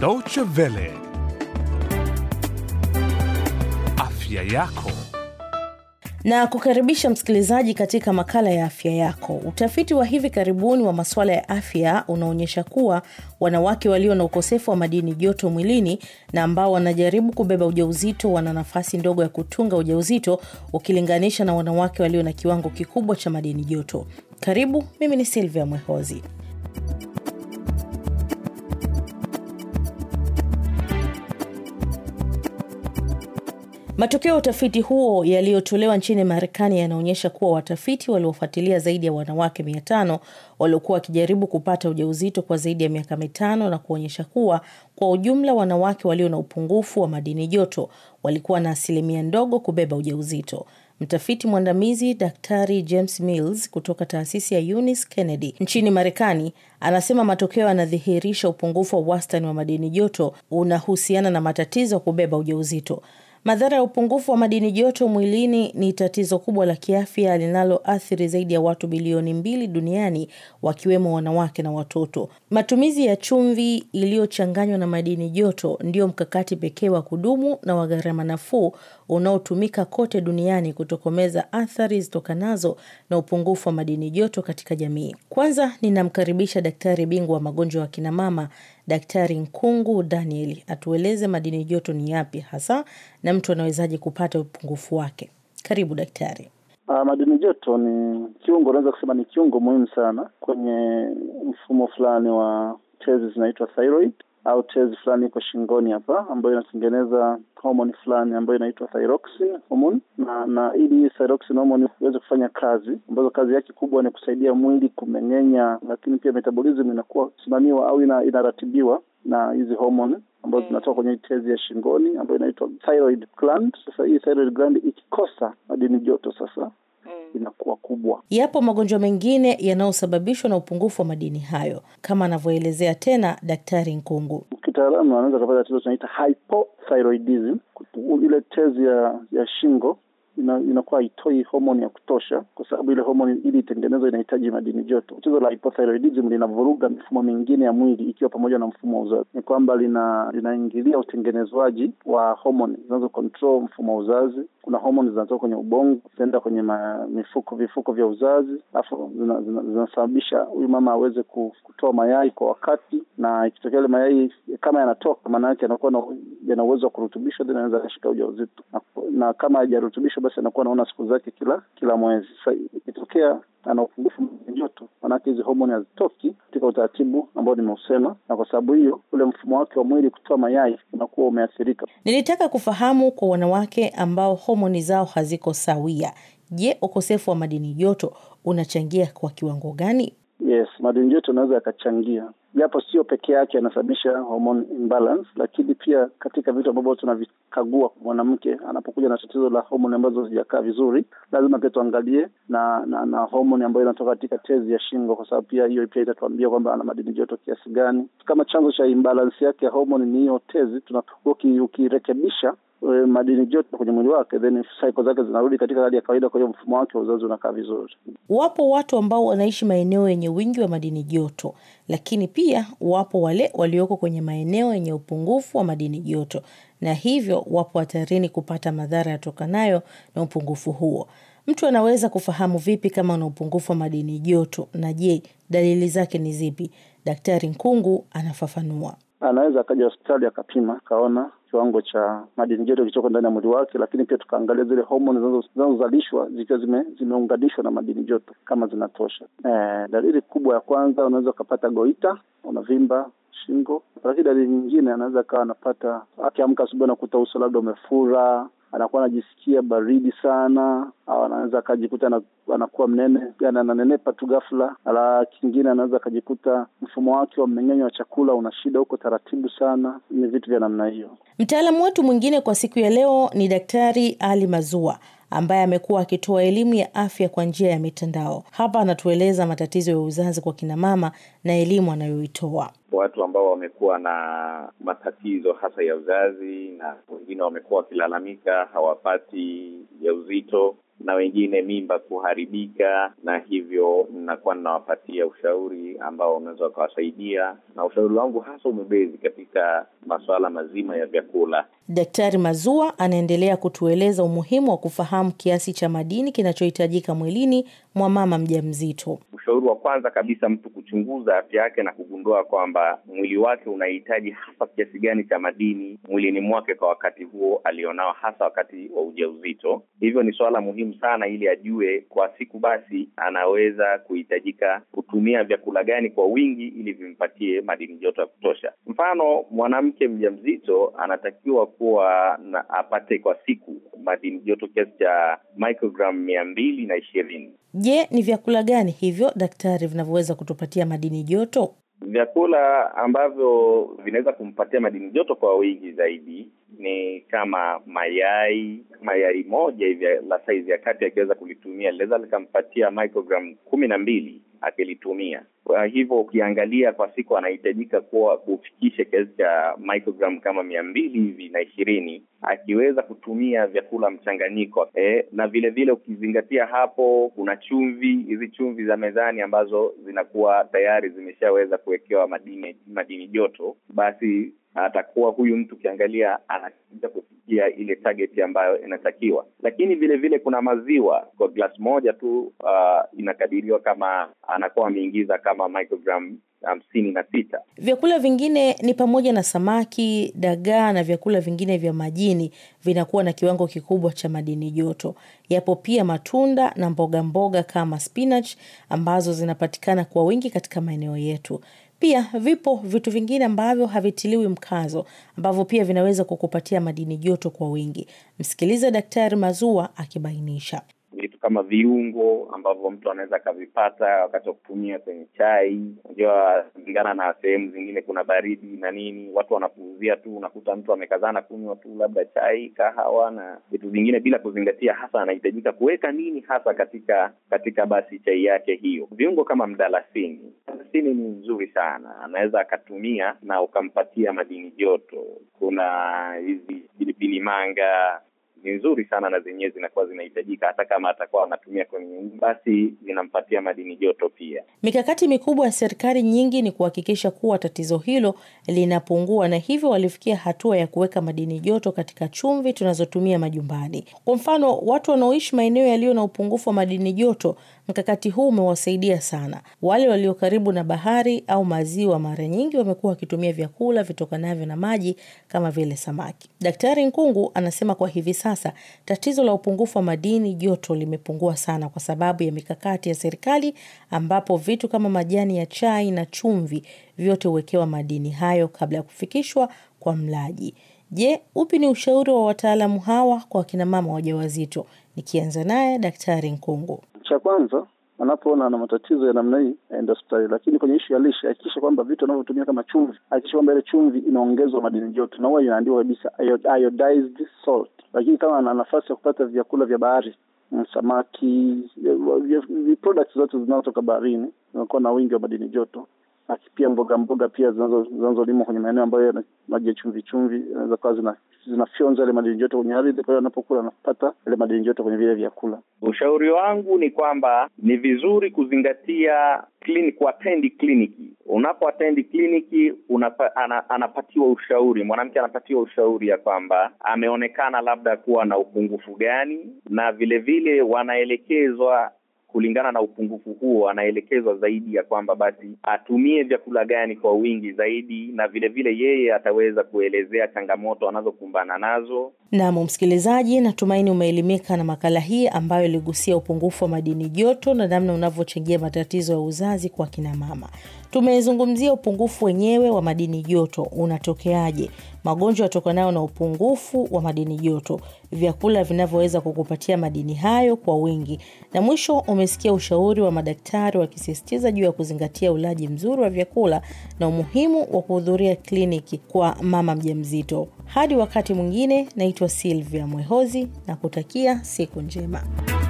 Deutsche Welle. Afya yako. Na kukaribisha msikilizaji katika makala ya afya yako. Utafiti wa hivi karibuni wa masuala ya afya unaonyesha kuwa wanawake walio na ukosefu wa madini joto mwilini na ambao wanajaribu kubeba ujauzito wana nafasi ndogo ya kutunga ujauzito ukilinganisha na wanawake walio na kiwango kikubwa cha madini joto. Karibu, mimi ni Silvia Mwehozi. Matokeo ya utafiti huo yaliyotolewa nchini Marekani yanaonyesha kuwa watafiti waliofuatilia zaidi ya wanawake mia tano waliokuwa wakijaribu kupata ujauzito kwa zaidi ya miaka mitano na kuonyesha kuwa kwa ujumla wanawake walio na upungufu wa madini joto walikuwa na asilimia ndogo kubeba ujauzito. Mtafiti mwandamizi Daktari James Mills kutoka taasisi ya Eunice Kennedy nchini Marekani anasema matokeo yanadhihirisha upungufu wa wastani wa madini joto unahusiana na matatizo ya kubeba ujauzito. Madhara ya upungufu wa madini joto mwilini ni tatizo kubwa la kiafya linaloathiri zaidi ya watu bilioni mbili duniani wakiwemo wanawake na watoto. Matumizi ya chumvi iliyochanganywa na madini joto ndiyo mkakati pekee wa kudumu na wa gharama nafuu unaotumika kote duniani kutokomeza athari zitokanazo na upungufu wa madini joto katika jamii. Kwanza ninamkaribisha daktari bingwa wa magonjwa wa kinamama Daktari Nkungu Daniel atueleze madini joto ni yapi hasa na mtu anawezaje kupata upungufu wake? Karibu daktari. Uh, madini joto ni kiungo, unaweza kusema ni kiungo muhimu sana kwenye mfumo fulani wa tezi zinaitwa thyroid au tezi fulani iko shingoni hapa ambayo inatengeneza homoni fulani ambayo inaitwa thyroxin hormone, na na ili hii thyroxin hormone iweze kufanya kazi ambazo kazi yake kubwa ni kusaidia mwili kumeng'enya, lakini pia metabolism inakuwa kusimamiwa au ina, inaratibiwa na hizi homon ambazo zinatoka mm. kwenye tezi ya shingoni ambayo inaitwa thyroid gland. Sasa hii thyroid gland ikikosa madini joto sasa mm. inakuwa kubwa. Yapo magonjwa mengine yanayosababishwa na upungufu wa madini hayo, kama anavyoelezea tena Daktari Nkungu. Kitaalamu anaweza kapata tatizo tunaita hypothyroidism, ile tezi ya, ya shingo ina, inakuwa haitoi homoni ya kutosha, kwa sababu ile homoni ili itengenezwa inahitaji madini joto. Tatizo la hypothyroidism linavuruga mifumo mingine ya mwili ikiwa pamoja na mfumo wa uzazi. Ni kwamba lina linaingilia utengenezwaji wa homoni zinazo control mfumo wa uzazi. Kuna homoni zinatoka kwenye ubongo zinaenda kwenye ma, mifuko vifuko vya uzazi, alafu zinasababisha zina, zina huyu mama aweze kutoa mayai kwa wakati, na ikitokea ile mayai kama yanatoka, maana yake anakuwa na yana uwezo wa kurutubishwa, then anaweza akashika ujauzito na, na kama hajarutubishwa basi anakuwa anaona siku zake kila kila mwezi. Sasa ikitokea ana upungufu joto, maanake hizi homoni hazitoki katika utaratibu ambao nimeusema, na kwa sababu hiyo ule mfumo wake wa mwili kutoa mayai unakuwa umeathirika. Nilitaka kufahamu kwa wanawake ambao homoni zao haziko sawia, je, ukosefu wa madini joto unachangia kwa kiwango gani? Yes, madini joto yanaweza yakachangia, japo sio peke yake anasababisha hormone imbalance, lakini pia katika vitu ambavyo tunavikagua mwanamke anapokuja na tatizo la homoni ambazo zijakaa vizuri, lazima pia tuangalie na na, na homoni ambayo inatoka katika tezi ya shingo, kwa sababu pia hiyo pia itatuambia kwamba ana madini joto kiasi gani. Kama chanzo cha imbalance yake ya homoni ni hiyo tezi, ukirekebisha Eh, madini joto kwenye mwili wake, then cycle zake zinarudi katika hali ya kawaida. Kwa hiyo mfumo wake wa uzazi unakaa vizuri. Wapo watu ambao wanaishi maeneo yenye wingi wa madini joto, lakini pia wapo wale walioko kwenye maeneo yenye upungufu wa madini joto, na hivyo wapo hatarini kupata madhara yatokanayo na upungufu huo. Mtu anaweza kufahamu vipi kama ana upungufu wa madini joto, na je, dalili zake ni zipi? Daktari Nkungu anafafanua. Anaweza akaja hospitali akapima akaona kiwango cha madini joto kilichoko ndani ya mwili wake, lakini pia tukaangalia zile homoni zinazozalishwa zikiwa zime, zimeunganishwa na madini joto kama zinatosha. E, dalili kubwa ya kwanza unaweza ukapata goita, unavimba shingo, lakini dalili nyingine anaweza akawa anapata akiamka asubuhi anakuta uso labda umefura anakuwa anajisikia baridi sana, au anaweza akajikuta anakuwa mnene, yani ananenepa tu ghafla. ala kingine anaweza akajikuta mfumo wake wa mmeng'enyo wa chakula una shida, huko taratibu sana. Ni vitu vya namna hiyo. Mtaalamu wetu mwingine kwa siku ya leo ni Daktari Ali Mazua ambaye amekuwa akitoa elimu ya afya kwa njia ya mitandao. Hapa anatueleza matatizo ya uzazi kwa kinamama na elimu anayoitoa. Watu ambao wamekuwa na matatizo hasa ya uzazi, na wengine wamekuwa wakilalamika hawapati ya uzito na wengine mimba kuharibika, na hivyo ninakuwa ninawapatia ushauri ambao unaweza ukawasaidia, na ushauri wangu hasa umebezi katika masuala mazima ya vyakula. Daktari Mazua anaendelea kutueleza umuhimu wa kufahamu kiasi cha madini kinachohitajika mwilini mwa mama mjamzito ushauri wa kwanza kabisa mtu kuchunguza afya yake na kugundua kwamba mwili wake unahitaji hasa kiasi gani cha madini mwilini mwake kwa wakati huo alionao, hasa wakati wa ujauzito. Hivyo ni suala muhimu sana, ili ajue kwa siku basi anaweza kuhitajika kutumia vyakula gani kwa wingi, ili vimpatie madini joto ya kutosha. Mfano, mwanamke mjamzito anatakiwa kuwa na apate kwa siku madini joto kiasi cha microgram mia mbili na ishirini. Je, ni vyakula gani hivyo daktari vinavyoweza kutupatia madini joto? Vyakula ambavyo vinaweza kumpatia madini joto kwa wingi zaidi ni kama mayai. Mayai moja hivi la saizi ya kati akiweza kulitumia linaweza likampatia microgram kumi na mbili akilitumia. Kwa hivyo ukiangalia kwa siku anahitajika kuwa kufikisha kiasi cha microgram kama mia mbili hivi na ishirini akiweza kutumia vyakula mchanganyiko e, na vile vile ukizingatia hapo kuna chumvi, hizi chumvi za mezani ambazo zinakuwa tayari zimeshaweza kuwekewa madini madini joto, basi atakuwa huyu mtu ukiangalia anaa kufikia ile target ambayo inatakiwa. Lakini vile vile kuna maziwa, kwa glass moja tu uh, inakadiriwa kama anakuwa ameingiza kama microgram hamsini na sita. Vyakula vingine ni pamoja na samaki, dagaa na vyakula vingine vya majini vinakuwa na kiwango kikubwa cha madini joto. Yapo pia matunda na mboga mboga kama spinach ambazo zinapatikana kwa wingi katika maeneo yetu. Pia vipo vitu vingine ambavyo havitiliwi mkazo ambavyo pia vinaweza kukupatia madini joto kwa wingi. Msikilize Daktari Mazua akibainisha vitu kama viungo ambavyo mtu anaweza akavipata wakati wa kutumia kwenye chai. Unajua, kulingana na sehemu zingine kuna baridi na nini, watu wanapuuzia tu, unakuta mtu amekazana kunywa tu labda chai, kahawa na vitu vingine bila kuzingatia hasa anahitajika kuweka nini hasa katika katika basi chai yake hiyo. Viungo kama mdalasini kusini ni nzuri sana, anaweza akatumia na ukampatia madini joto. Kuna hizi pilipili manga ni nzuri sana na zenyewe zinakuwa zinahitajika, hata kama atakuwa anatumia kwenye basi, zinampatia madini joto pia. Mikakati mikubwa ya serikali nyingi ni kuhakikisha kuwa tatizo hilo linapungua, na hivyo walifikia hatua ya kuweka madini joto katika chumvi tunazotumia majumbani. Kwa mfano, watu wanaoishi maeneo yaliyo na upungufu wa madini joto, mkakati huu umewasaidia sana. Wale walio karibu na bahari au maziwa, mara nyingi wamekuwa wakitumia vyakula vitokanavyo na maji kama vile samaki. Daktari Nkungu anasema kwa hivi sasa sasa tatizo la upungufu wa madini joto limepungua sana kwa sababu ya mikakati ya serikali ambapo vitu kama majani ya chai na chumvi vyote huwekewa madini hayo kabla ya kufikishwa kwa mlaji. Je, upi ni ushauri wa wataalamu hawa kwa wakinamama wajawazito? Nikianza naye Daktari Nkungu. Cha kwanza anapoona na matatizo ya namna hii aende hospitali. Lakini kwenye ishu ya lishe, hakikisha kwamba vitu anavyotumia kama chumvi, hakikisha kwamba ile chumvi inaongezwa madini joto, na huwa inaandikwa kabisa iodized salt. Lakini kama ana nafasi ya kupata vyakula vya bahari mm, samaki, eh, products zote zinazotoka baharini zinakuwa na wingi wa madini joto, na pia mboga mboga pia zinazolimwa kwenye maeneo ambayo yana maji ya chumvi chumvi, inaweza kuwa zina zinafyonza ile madini joto kwenye ardhi. Kwa hiyo anapokula anapata ile madini joto kwenye vile vyakula. Ushauri wangu ni kwamba ni vizuri kuzingatia klini, kuatendi kliniki. Unapoatendi kliniki unapa, ana, anapatiwa ushauri, mwanamke anapatiwa ushauri ya kwamba ameonekana labda kuwa na upungufu gani, na vilevile vile wanaelekezwa kulingana na upungufu huo, anaelekezwa zaidi ya kwamba basi atumie vyakula gani kwa wingi zaidi, na vilevile vile yeye ataweza kuelezea changamoto anazokumbana nazo Nam msikilizaji, natumaini umeelimika na makala hii ambayo iligusia upungufu wa madini joto na namna unavyochangia matatizo ya uzazi kwa kinamama. Tumezungumzia upungufu wenyewe wa madini joto unatokeaje, magonjwa yatokanayo na upungufu wa madini joto, vyakula vinavyoweza kukupatia madini hayo kwa wingi, na mwisho umesikia ushauri wa madaktari wakisisitiza juu ya kuzingatia ulaji mzuri wa vyakula na umuhimu wa kuhudhuria kliniki kwa mama mjamzito. Hadi wakati mwingine na naitwa Silvia Mwehozi na kutakia siku njema.